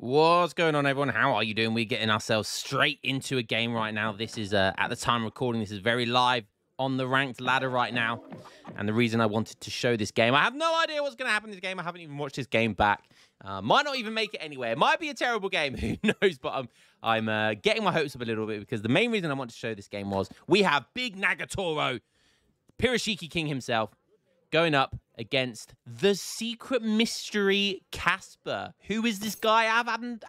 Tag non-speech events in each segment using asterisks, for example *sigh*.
What's going on, everyone? How are you doing? We're getting ourselves straight into a game right now. This is, uh, at the time recording, this is very live on the ranked ladder right now. And the reason I wanted to show this game, I have no idea what's going to happen in this game. I haven't even watched this game back. Uh, might not even make it anywhere. It might be a terrible game. *laughs* Who knows? But I'm, I'm uh, getting my hopes up a little bit because the main reason I wanted to show this game was we have Big Nagatoro, Pirashiki King himself, going up against the secret mystery Casper. Who is this guy? I've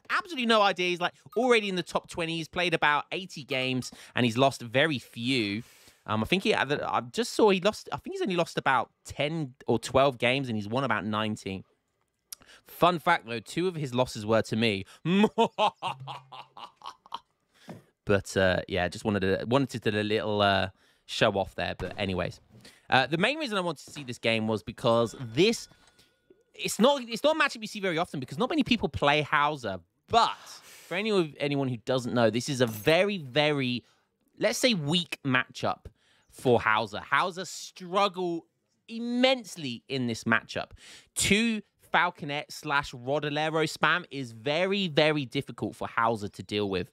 absolutely no idea. He's like already in the top 20. He's played about 80 games and he's lost very few. Um, I think he, I just saw he lost, I think he's only lost about 10 or 12 games and he's won about 19. Fun fact though, two of his losses were to me. *laughs* but uh, yeah, just wanted to, wanted to do a little, uh, show off there. But anyways, uh, the main reason I wanted to see this game was because this it's not it's not a matchup you see very often because not many people play Hauser. But for anyone anyone who doesn't know, this is a very very let's say weak matchup for Hauser. Hauser struggle immensely in this matchup. Two Falconet slash Rodolero spam is very very difficult for Hauser to deal with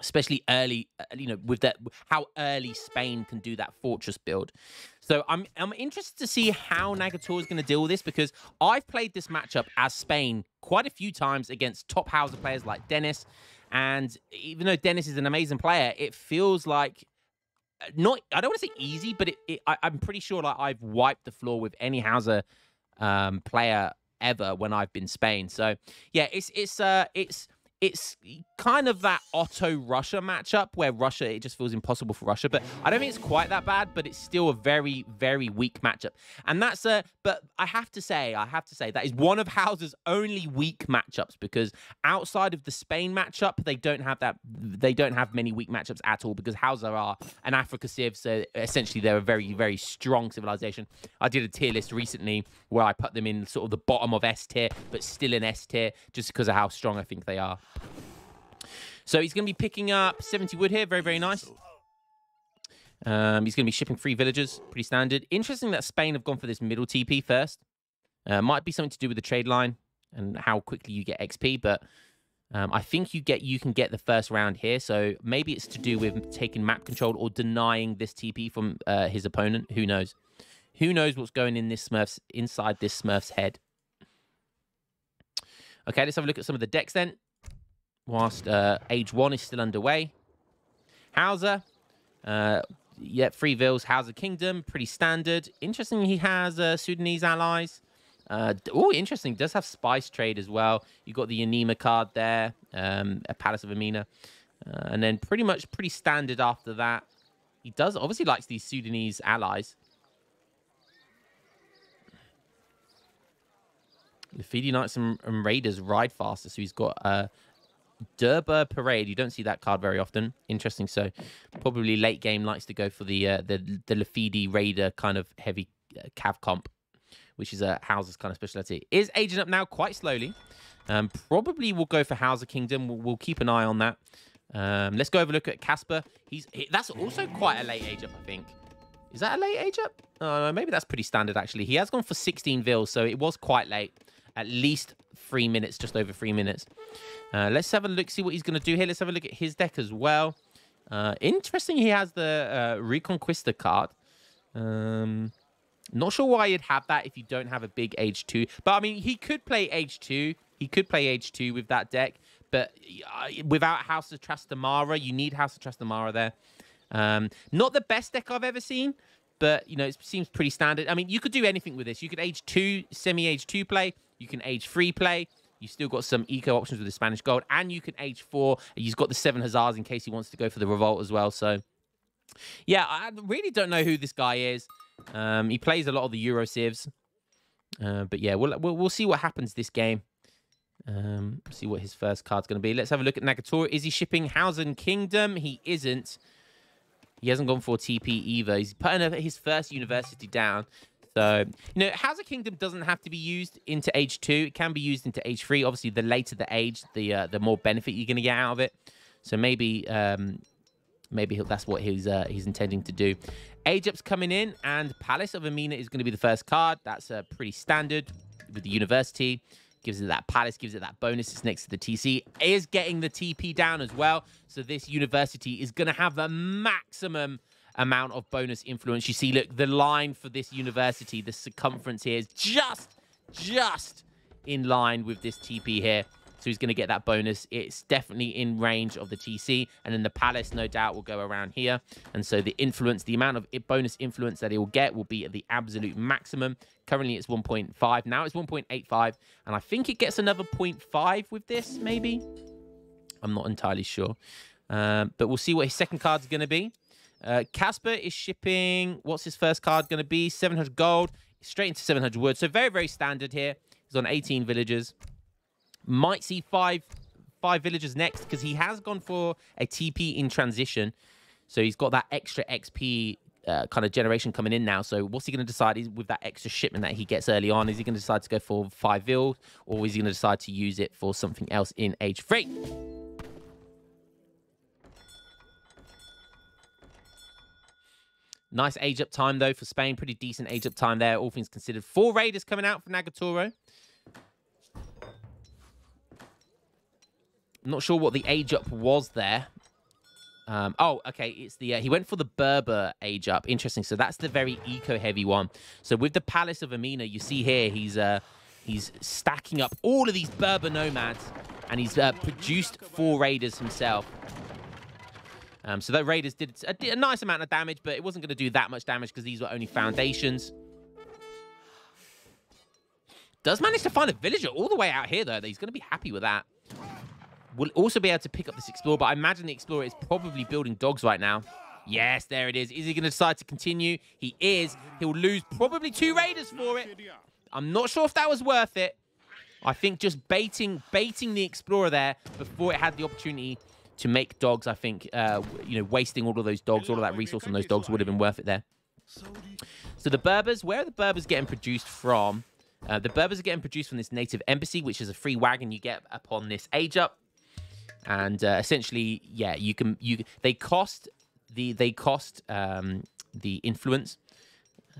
especially early, uh, you know, with that how early Spain can do that fortress build. So I'm I'm interested to see how Nagator is going to deal with this because I've played this matchup as Spain quite a few times against top Hauser players like Dennis, and even though Dennis is an amazing player, it feels like uh, not I don't want to say easy, but it, it, I, am pretty sure like I've wiped the floor with any Hauser um, player ever when I've been Spain. So yeah, it's it's uh it's it's kind of that Otto Russia matchup where Russia, it just feels impossible for Russia. But I don't think it's quite that bad, but it's still a very, very weak matchup. And that's a, but I have to say, I have to say, that is one of Hauser's only weak matchups because outside of the Spain matchup, they don't have that, they don't have many weak matchups at all because Hauser are an Africa Civ. So essentially, they're a very, very strong civilization. I did a tier list recently where I put them in sort of the bottom of S tier, but still in S tier just because of how strong I think they are. So he's going to be picking up 70 wood here. Very, very nice. Um, he's going to be shipping three villagers. Pretty standard. Interesting that Spain have gone for this middle TP first. Uh, might be something to do with the trade line and how quickly you get XP, but um, I think you get you can get the first round here. So maybe it's to do with taking map control or denying this TP from uh, his opponent. Who knows? Who knows what's going in this Smurf's inside this Smurf's head? Okay, let's have a look at some of the decks then whilst uh, age one is still underway. Hauser, uh, yeah, Free Villes, Hauser Kingdom, pretty standard. Interesting, he has uh, Sudanese allies. Uh, oh, interesting, does have Spice Trade as well. You've got the Anima card there, um, a Palace of Amina. Uh, and then pretty much pretty standard after that. He does obviously likes these Sudanese allies. The Fidi Knights and, and, Raiders ride faster, so he's got uh, Durbar Parade. You don't see that card very often. Interesting. So probably late game likes to go for the uh, the the Lafidi Raider kind of heavy uh, cav comp, which is a Hauser's kind of specialty. Is aging up now quite slowly. Um, probably will go for Hauser Kingdom. We'll, we'll keep an eye on that. Um, let's go over look at Casper. He's that's also quite a late age up, I think. Is that a late age up? Uh, maybe that's pretty standard actually. He has gone for 16 vils, so it was quite late at least three minutes, just over three minutes. Uh, let's have a look, see what he's going to do here. Let's have a look at his deck as well. Uh, interesting, he has the uh, Reconquista card. Um, not sure why you'd have that if you don't have a big H2. But, I mean, he could play H2. He could play H2 with that deck. But uh, without House of Trastamara, you need House of Trastamara there. Um, not the best deck I've ever seen but you know it seems pretty standard. I mean, you could do anything with this. You could H two, semi H two play. You can age free play. You still got some eco options with the Spanish gold, and you can age four. He's got the seven Hazards in case he wants to go for the revolt as well. So, yeah, I really don't know who this guy is. Um, he plays a lot of the Euro sieves, uh, but yeah, we'll, we'll, we'll see what happens this game. Um, see what his first card's going to be. Let's have a look at Nagatora. Is he shipping Hausen Kingdom? He isn't. He hasn't gone for TP either. He's putting his first university down. So, you know, House of Kingdom doesn't have to be used into age two. It can be used into age three. Obviously, the later the age, the uh, the more benefit you're going to get out of it. So maybe um, maybe that's what he's uh, he's intending to do. Age up's coming in, and Palace of Amina is going to be the first card. That's uh, pretty standard with the university. Gives it that palace, gives it that bonus. It's next to the TC. It is getting the TP down as well. So this university is going to have a maximum amount of bonus influence. You see, look, the line for this university, the circumference here is just, just in line with this TP here. So he's going to get that bonus. It's definitely in range of the TC. And then the Palace, no doubt, will go around here. And so the influence, the amount of bonus influence that he will get will be at the absolute maximum. Currently, it's 1.5. Now it's 1.85. And I think it gets another 0.5 with this, maybe. I'm not entirely sure. Uh, but we'll see what his second card is going to be. Uh, Casper is shipping. What's his first card going to be? 700 gold straight into 700 wood. So very, very standard here. He's on 18 villagers. Might see five five villagers next because he has gone for a TP in transition. So he's got that extra XP uh, kind of generation coming in now. So what's he going to decide is with that extra shipment that he gets early on? Is he going to decide to go for five vill or is he going to decide to use it for something else in age three? Nice age up time, though, for Spain. Pretty decent age up time there, all things considered. Four Raiders coming out for Nagatoro. not sure what the age up was there. Um, oh, okay. It's the uh, he went for the Berber age up. Interesting. So that's the very eco heavy one. So with the Palace of Amina, you see here he's uh, he's stacking up all of these Berber nomads, and he's uh, produced four raiders himself. Um, so the Raiders did a, a nice amount of damage, but it wasn't going to do that much damage because these were only foundations. Does manage to find a villager all the way out here, though. He's going to be happy with that. We'll also be able to pick up this explorer, but I imagine the explorer is probably building dogs right now. Yes, there it is. Is he going to decide to continue? He is. He'll lose probably two raiders for it. I'm not sure if that was worth it. I think just baiting, baiting the explorer there before it had the opportunity to make dogs, I think, uh, you know, wasting all of those dogs, all of that resource on those dogs would have been worth it there. So the Berbers, where are the Berbers getting produced from? Uh, the Berbers are getting produced from this native embassy, which is a free wagon you get upon this age up. And uh, essentially, yeah, you can you they cost the they cost um, the influence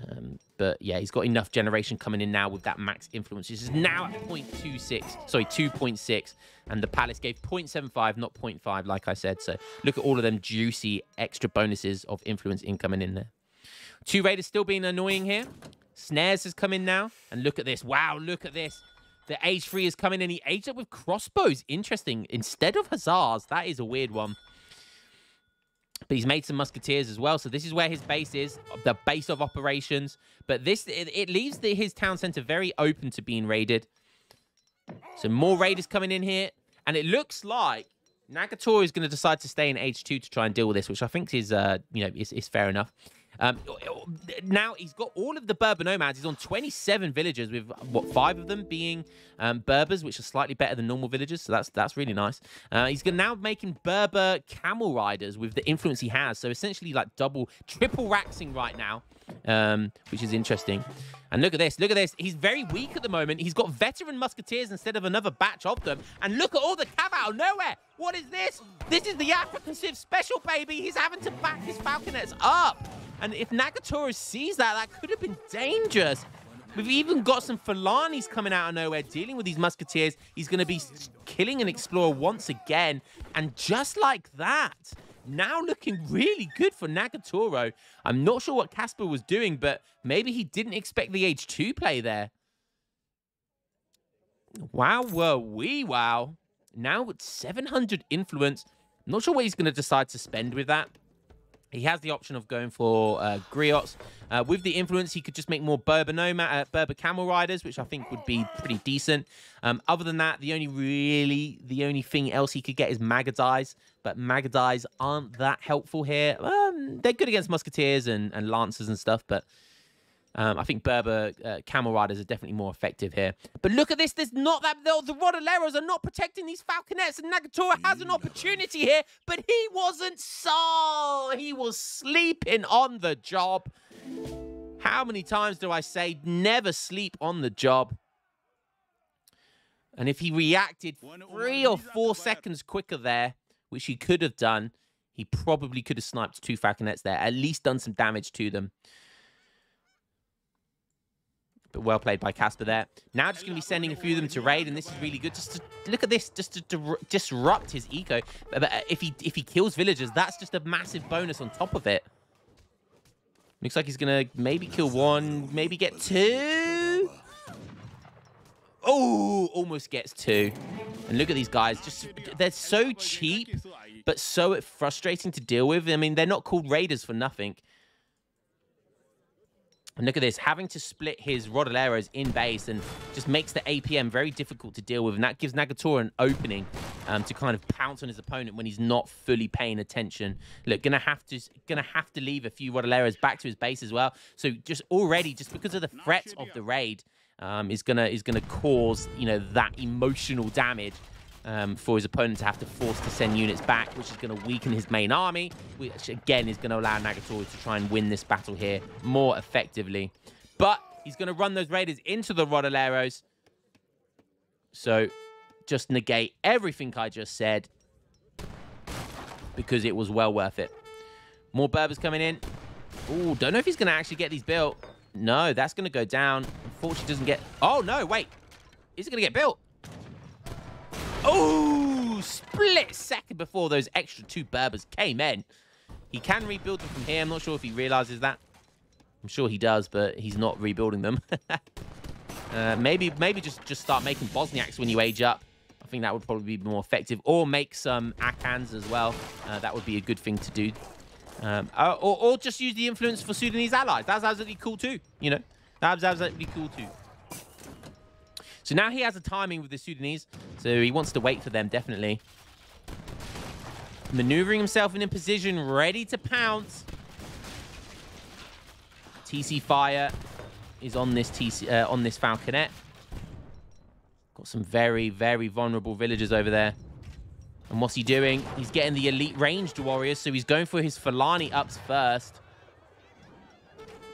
um, but yeah, he's got enough generation coming in now with that max influence. This is now at 0.26, sorry, 2.6, and the Palace gave 0.75, not 0.5, like I said. So look at all of them juicy extra bonuses of influence incoming in there. Two Raiders still being annoying here. Snares has come in now, and look at this. Wow, look at this. The age three is coming in. He aged up with crossbows. Interesting. Instead of Hussars, that is a weird one. But he's made some musketeers as well. So this is where his base is, the base of operations. But this it, it leaves the, his town center very open to being raided. So more raiders coming in here. And it looks like Nagatora is going to decide to stay in H2 to try and deal with this, which I think is, uh, you know, is, is fair enough. Um, oh, oh, now he's got all of the Berber nomads. He's on 27 villagers, with what five of them being um, Berbers, which are slightly better than normal villagers. So that's that's really nice. Uh, he's now making Berber camel riders with the influence he has. So essentially, like double, triple raxing right now, um, which is interesting. And look at this, look at this. He's very weak at the moment. He's got veteran musketeers instead of another batch of them. And look at all the cav out of nowhere. What is this? This is the African Civ special, baby. He's having to back his falconets up. And if Nagatoro sees that, that could have been dangerous. We've even got some Falanis coming out of nowhere, dealing with these Musketeers. He's going to be killing an Explorer once again. And just like that, now looking really good for Nagatoro. I'm not sure what Casper was doing, but maybe he didn't expect the H2 play there. Wow, were we wow. Now with 700 influence. not sure what he's going to decide to spend with that. He has the option of going for uh, Griots. Uh, with the influence, he could just make more Berber Nomad, uh, Berber Camel Riders, which I think would be pretty decent. Um, other than that, the only really, the only thing else he could get is Magadies, but Magadies aren't that helpful here. Um, they're good against Musketeers and, and Lancers and stuff, but um, I think Berber uh, camel riders are definitely more effective here. But look at this. There's not that. The Rodoleros are not protecting these Falconets. And Nagatora has an opportunity here, but he wasn't so. He was sleeping on the job. How many times do I say never sleep on the job? And if he reacted three or four seconds quicker there, which he could have done, he probably could have sniped two Falconets there, at least done some damage to them well played by Casper there. Now just going to be sending a few of them to raid, and this is really good. Just to, look at this, just to, to disrupt his eco. Uh, if he if he kills villagers, that's just a massive bonus on top of it. Looks like he's going to maybe kill one, maybe get two. Oh, almost gets two. And look at these guys. Just They're so cheap, but so frustrating to deal with. I mean, they're not called raiders for nothing. And look at this, having to split his Rodoleros in base and just makes the APM very difficult to deal with. And that gives Nagatora an opening um, to kind of pounce on his opponent when he's not fully paying attention. Look, gonna have to gonna have to leave a few Rodoleros back to his base as well. So just already, just because of the threat of the raid, um, is gonna is gonna cause you know that emotional damage um, for his opponent to have to force to send units back, which is going to weaken his main army, which again is going to allow Nagatori to try and win this battle here more effectively. But he's going to run those Raiders into the Rodoleros, So just negate everything I just said because it was well worth it. More Berbers coming in. Oh, don't know if he's going to actually get these built. No, that's going to go down. Unfortunately, doesn't get... Oh, no, wait. Is it going to get built? Oh, split second before those extra two Berbers came in. He can rebuild them from here. I'm not sure if he realizes that. I'm sure he does, but he's not rebuilding them. *laughs* uh, maybe maybe just, just start making Bosniaks when you age up. I think that would probably be more effective. Or make some Akans as well. Uh, that would be a good thing to do. Um, uh, or, or just use the influence for Sudanese allies. That's absolutely cool too, you know. That's absolutely cool too. So now he has a timing with the Sudanese, so he wants to wait for them, definitely. Maneuvering himself in a position, ready to pounce. TC Fire is on this TC, uh, on this Falconet. Got some very, very vulnerable villagers over there. And what's he doing? He's getting the elite ranged warriors, so he's going for his Falani ups first.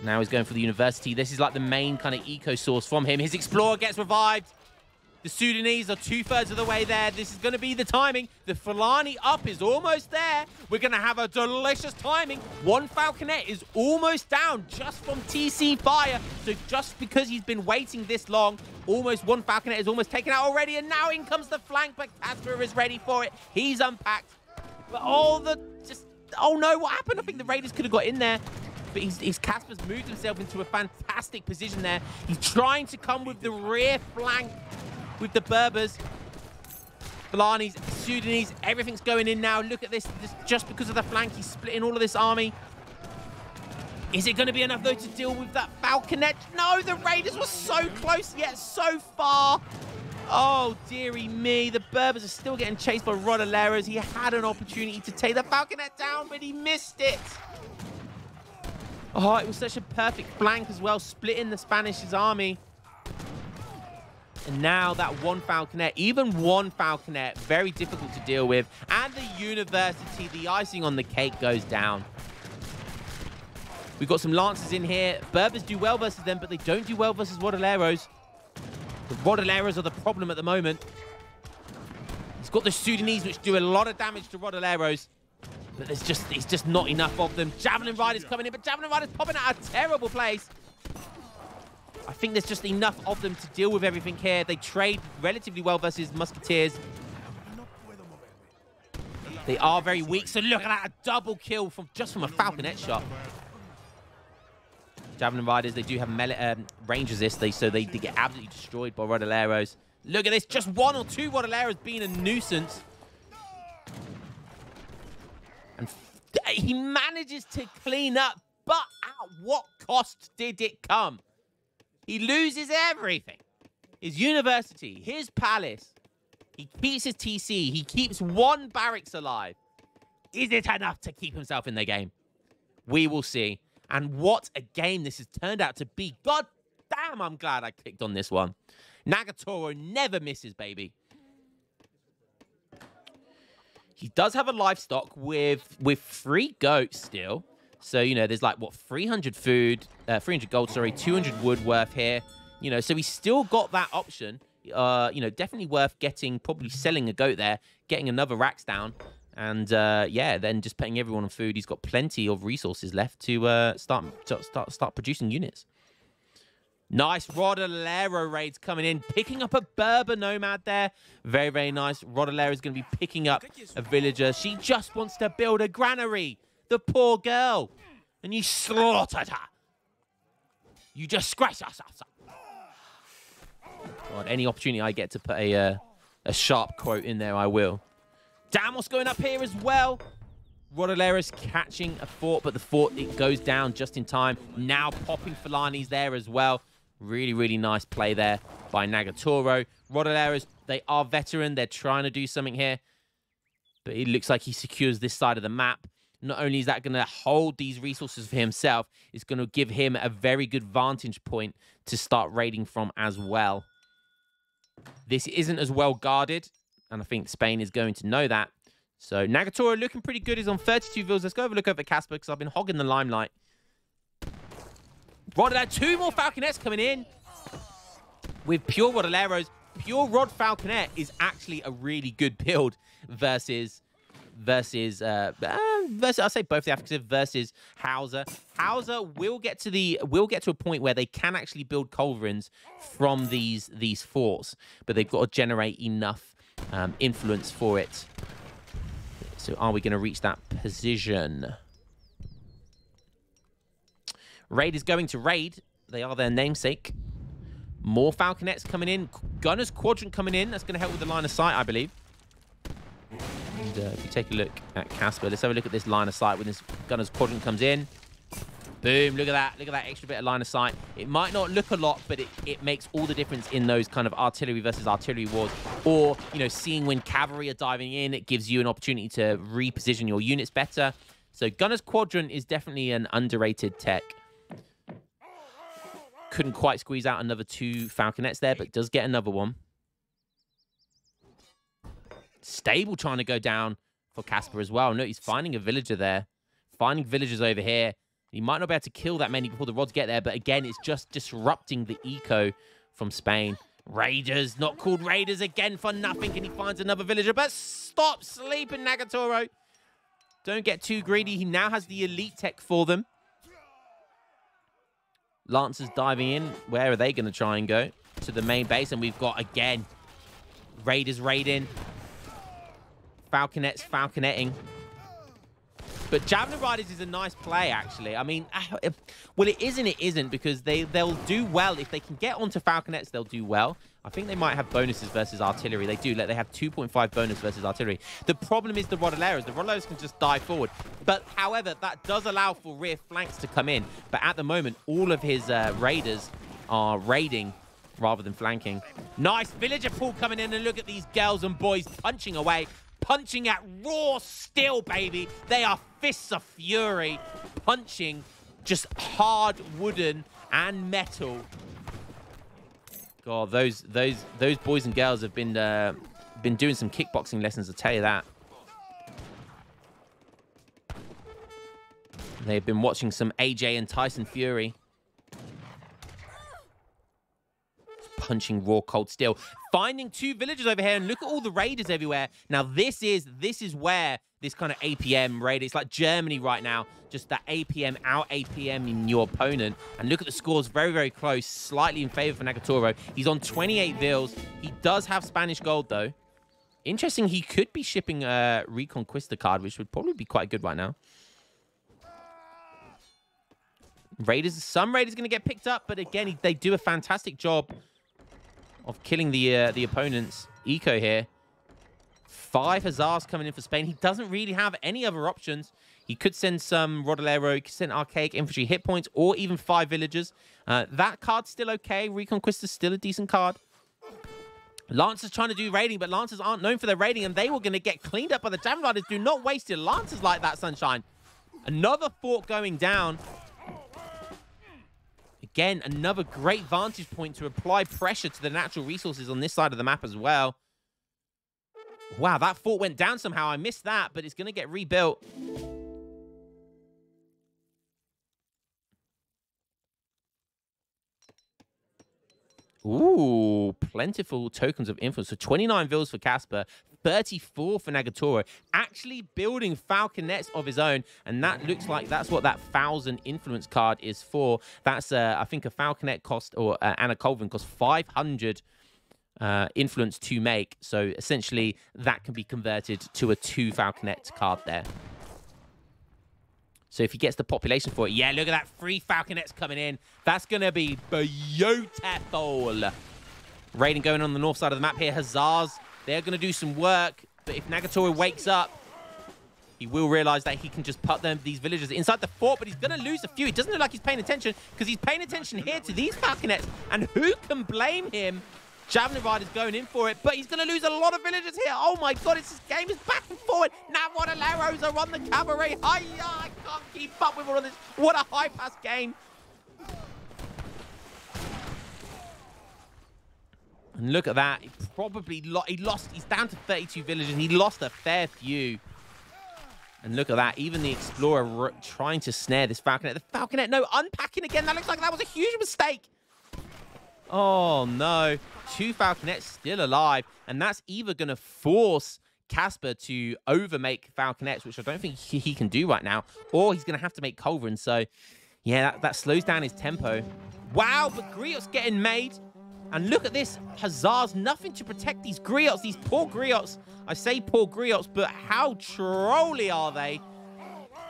Now he's going for the university. This is like the main kind of eco source from him. His explorer gets revived. The Sudanese are two-thirds of the way there. This is going to be the timing. The Fulani up is almost there. We're going to have a delicious timing. One Falconet is almost down just from TC Fire. So just because he's been waiting this long, almost one Falconet is almost taken out already. And now in comes the flank, but Casper is ready for it. He's unpacked. But all the... just Oh, no, what happened? I think the Raiders could have got in there but he's, he's Casper's moved himself into a fantastic position there. He's trying to come with the rear flank with the Berbers. Balani's, Sudanese, everything's going in now. Look at this, this just because of the flank, he's splitting all of this army. Is it going to be enough, though, to deal with that Falconet? No, the Raiders were so close, yet so far. Oh, dearie me. The Berbers are still getting chased by Rodoleros. He had an opportunity to take the Falconet down, but he missed it. Oh, it was such a perfect flank as well, splitting the Spanish's army. And now that one Falconet, even one Falconet, very difficult to deal with. And the University, the icing on the cake goes down. We've got some Lancers in here. Berbers do well versus them, but they don't do well versus rodoleros. The rodoleros are the problem at the moment. He's got the Sudanese, which do a lot of damage to rodoleros. But there's just it's just not enough of them. Javelin Rider's coming in, but Javelin Rider's popping out a terrible place. I think there's just enough of them to deal with everything here. They trade relatively well versus Musketeers. They are very weak, so look at that, a double kill from just from a Falconet shot. Javelin Riders, they do have melee, um, range resist, they, so they, they, get absolutely destroyed by rodoleros. Look at this, just one or two rodoleros being a nuisance. And he manages to clean up, but at what cost did it come? He loses everything. His university, his palace. He keeps his TC. He keeps one barracks alive. Is it enough to keep himself in the game? We will see. And what a game this has turned out to be. God damn, I'm glad I clicked on this one. Nagatoro never misses, baby. He does have a livestock with with three goats still. So, you know, there's like, what, 300 food, uh, 300 gold, sorry, 200 wood worth here. You know, so he's still got that option. Uh, you know, definitely worth getting, probably selling a goat there, getting another racks down. And uh, yeah, then just putting everyone on food. He's got plenty of resources left to uh, start, start start producing units. Nice Rodolero raids coming in, picking up a Berber Nomad there. Very, very nice. Rodolero is going to be picking up a villager. She just wants to build a granary. The poor girl. And you slaughtered her. You just scratched us. God, any opportunity I get to put a, uh, a sharp quote in there, I will. Damn, what's going up here as well. Rodolera's catching a fort, but the fort it goes down just in time. Now popping Filani's there as well. Really, really nice play there by Nagatoro. Rodaleras, they are veteran. They're trying to do something here. But it looks like he secures this side of the map. Not only is that going to hold these resources for himself, it's going to give him a very good vantage point to start raiding from as well. This isn't as well guarded, and I think Spain is going to know that. So Nagatoro looking pretty good. He's on 32 vils. Let's go have a look over Casper because I've been hogging the limelight. Rodolero, two more Falconets coming in with pure Rodoleros. Pure Rod Falconet is actually a really good build versus versus uh, uh, versus I'll say both the Africans versus Hauser. Hauser will get to the will get to a point where they can actually build culverins from these these forts, but they've got to generate enough um, influence for it. So are we going to reach that position? Raid is going to Raid. They are their namesake. More Falconets coming in. Gunner's Quadrant coming in. That's going to help with the line of sight, I believe. And uh, if you take a look at Casper, let's have a look at this line of sight when this Gunner's Quadrant comes in. Boom, look at that. Look at that extra bit of line of sight. It might not look a lot, but it, it makes all the difference in those kind of artillery versus artillery wars. Or, you know, seeing when cavalry are diving in, it gives you an opportunity to reposition your units better. So Gunner's Quadrant is definitely an underrated tech couldn't quite squeeze out another two Falconets there, but does get another one. Stable trying to go down for Casper as well. No, he's finding a villager there. Finding villagers over here. He might not be able to kill that many before the rods get there, but again, it's just disrupting the eco from Spain. Raiders, not called Raiders again for nothing, and he finds another villager, but stop sleeping, Nagatoro. Don't get too greedy. He now has the elite tech for them. Lancers diving in. Where are they going to try and go? To the main base. And we've got, again, Raiders raiding. Falconets falconetting. But javna Riders is a nice play, actually. I mean, ah, well, it is and it isn't because they, they'll do well. If they can get onto Falconets, they'll do well. I think they might have bonuses versus artillery. They do. Like, they have 2.5 bonus versus artillery. The problem is the Rodoleros. The Rodoleros can just die forward. But, however, that does allow for rear flanks to come in. But at the moment, all of his uh, raiders are raiding rather than flanking. Nice villager pool coming in. And look at these girls and boys punching away. Punching at raw steel, baby. They are fists of fury. Punching just hard wooden and metal God, those those those boys and girls have been uh, been doing some kickboxing lessons. I'll tell you that. They've been watching some AJ and Tyson Fury. punching raw cold steel. Finding two villagers over here, and look at all the raiders everywhere. Now this is this is where this kind of APM raid. It's like Germany right now, just that APM out APM in your opponent. And look at the scores, very, very close, slightly in favor for Nagatoro. He's on 28 veils. He does have Spanish gold, though. Interesting, he could be shipping a Reconquista card, which would probably be quite good right now. Raiders, some Raiders going to get picked up, but again, they do a fantastic job of killing the uh, the opponent's eco here. Five Hazards coming in for Spain. He doesn't really have any other options. He could send some Rodolero, he could send Archaic Infantry hit points, or even five villagers. Uh, that card's still okay. is still a decent card. Lancers trying to do raiding, but Lancers aren't known for their raiding, and they were going to get cleaned up by the Javelin Do not waste your Lancers like that, Sunshine. Another fort going down. Again, another great vantage point to apply pressure to the natural resources on this side of the map as well. Wow, that fort went down somehow. I missed that, but it's going to get rebuilt. Ooh, plentiful tokens of influence. So 29 villas for Casper, 34 for Nagatoro. Actually building falconets of his own. And that looks like that's what that 1,000 influence card is for. That's, uh, I think, a falconet cost, or uh, Anna Colvin cost 500 uh, influence to make. So essentially, that can be converted to a two Falconet card there. So if he gets the population for it, yeah, look at that free Falconets coming in. That's going to be beautiful. Raiden going on the north side of the map here. Hazars, they're going to do some work. But if Nagatora wakes up, he will realize that he can just put them, these villagers inside the fort, but he's going to lose a few. It doesn't look like he's paying attention because he's paying attention here to these Falconets. And who can blame him Javelin Ride is going in for it, but he's going to lose a lot of villagers here. Oh my god, it's this game is back and forward. what and Laros are on the cavalry. Hiya, I can't keep up with all of this. What a high pass game. And look at that. He probably lo he lost. He's down to 32 villagers. He lost a fair few. And look at that. Even the Explorer trying to snare this Falconet. The Falconet, no, unpacking again. That looks like that was a huge mistake. Oh, no two Falconets still alive, and that's either going to force Casper to overmake Falconets, which I don't think he can do right now, or he's going to have to make Culverin. So, yeah, that, that slows down his tempo. Wow, but Griot's getting made. And look at this. Hazard's nothing to protect these Griots, these poor Griots. I say poor Griots, but how trolly are they?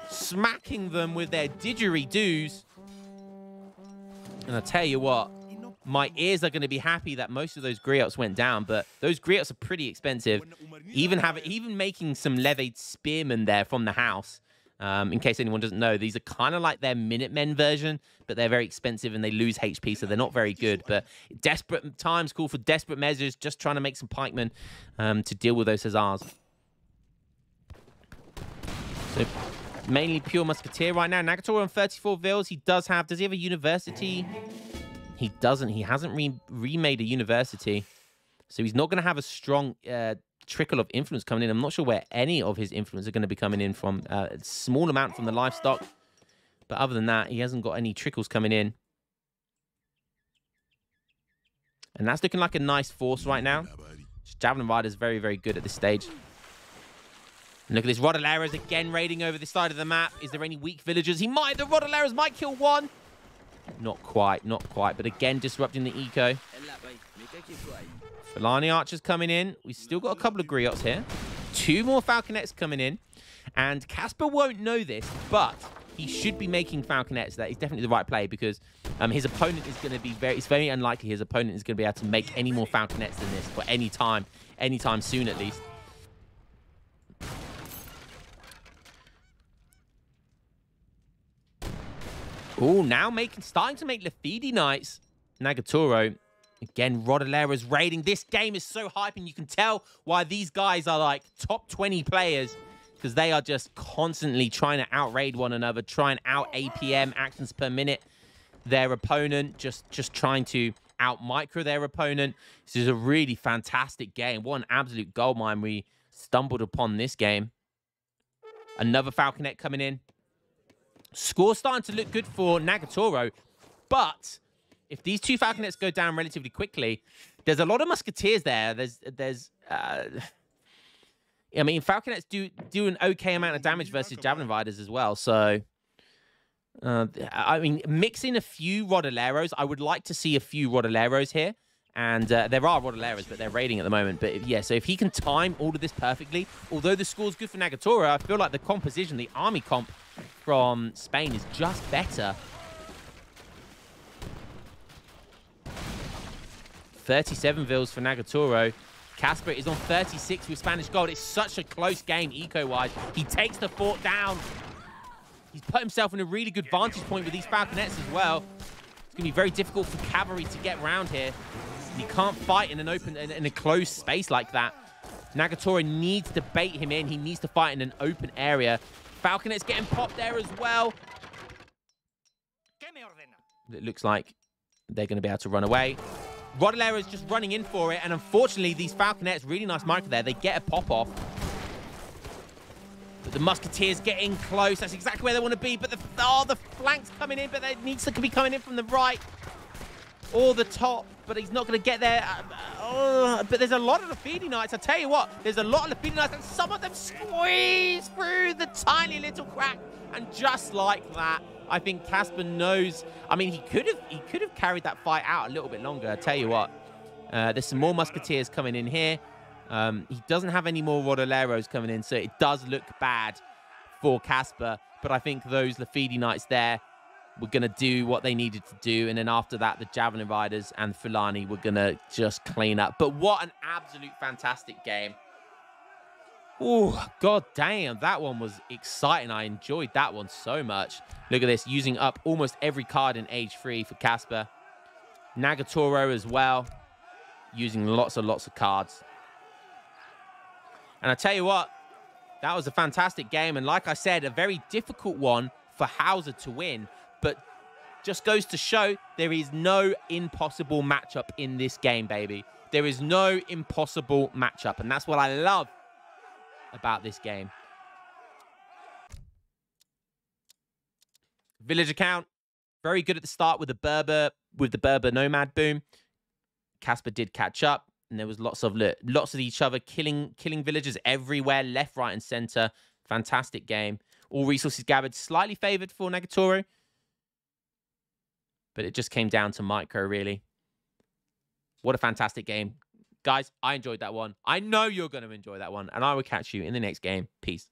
Smacking them with their didgeridoos. And I tell you what, my ears are going to be happy that most of those griots went down, but those griots are pretty expensive. Even have even making some levied spearmen there from the house. Um, in case anyone doesn't know, these are kind of like their Minutemen version, but they're very expensive and they lose HP, so they're not very good. But desperate times call for desperate measures, just trying to make some pikemen um, to deal with those hussars. So mainly pure musketeer right now. Nagator on 34 vils. He does have, does he have a university? He doesn't. He hasn't re- remade a university, so he's not going to have a strong uh, trickle of influence coming in. I'm not sure where any of his influence are going to be coming in from. Uh, a small amount from the livestock, but other than that, he hasn't got any trickles coming in. And that's looking like a nice force right now. Javelin is very, very good at this stage. And look at this. Rodolera's again raiding over this side of the map. Is there any weak villagers? He might. The Rodolera's might kill one. Not quite, not quite. But again, disrupting the eco. Falani Archer's coming in. We've still got a couple of Griots here. Two more Falconets coming in. And Casper won't know this, but he should be making Falconets. That is definitely the right play because um, his opponent is going to be very... It's very unlikely his opponent is going to be able to make any more Falconets than this for any time, any time soon at least. Oh, now making starting to make Lafidi nights. Nagatoro. Again, Rodolera's raiding. This game is so hype, and you can tell why these guys are like top 20 players because they are just constantly trying to raid one another, trying out APM actions per minute. Their opponent just just trying to out micro their opponent. This is a really fantastic game. What an absolute goldmine we stumbled upon this game. Another Falconet coming in. Score starting to look good for Nagatoro, but if these two Falconets go down relatively quickly, there's a lot of Musketeers there. There's, there's, uh, I mean, Falconets do do an okay amount of damage versus Javelin Riders as well. So, uh, I mean, mixing a few Rodoleros, I would like to see a few Rodoleros here. And uh, there are Waddle errors, but they're raiding at the moment. But if, yeah, so if he can time all of this perfectly, although the score's good for Nagatoro, I feel like the composition, the army comp from Spain is just better. 37 vils for Nagatoro. Casper is on 36 with Spanish gold. It's such a close game eco-wise. He takes the fort down. He's put himself in a really good vantage point with these Falconets as well. It's going to be very difficult for Cavalry to get round here he can't fight in an open, in, in a closed space like that. Nagatora needs to bait him in. He needs to fight in an open area. Falconet's getting popped there as well. It looks like they're going to be able to run away. Rodolera is just running in for it, and unfortunately, these Falconets, really nice micro there, they get a pop-off. But the Musketeers getting close. That's exactly where they want to be, but the, oh, the flank's coming in, but they need to be coming in from the right or the top, but he's not going to get there. Uh, uh, but there's a lot of Lafini Knights. I tell you what, there's a lot of Lafini Knights, and some of them squeeze through the tiny little crack. And just like that, I think Casper knows. I mean, he could have he could have carried that fight out a little bit longer. I tell you what, uh, there's some more Musketeers coming in here. Um, he doesn't have any more Rodoleros coming in, so it does look bad for Casper. But I think those Lafidi Knights there were going to do what they needed to do. And then after that, the Javelin Riders and Fulani were going to just clean up. But what an absolute fantastic game. Oh, god damn. That one was exciting. I enjoyed that one so much. Look at this, using up almost every card in age three for Casper. Nagatoro as well, using lots and lots of cards. And I tell you what, that was a fantastic game. And like I said, a very difficult one for Hauser to win. But just goes to show there is no impossible matchup in this game, baby. There is no impossible matchup. And that's what I love about this game. Village account. Very good at the start with the Berber, with the Berber Nomad boom. Casper did catch up. And there was lots of lots of each other killing killing villagers everywhere, left, right, and center. Fantastic game. All resources gathered, slightly favored for Negatoro. But it just came down to micro, really. What a fantastic game. Guys, I enjoyed that one. I know you're going to enjoy that one. And I will catch you in the next game. Peace.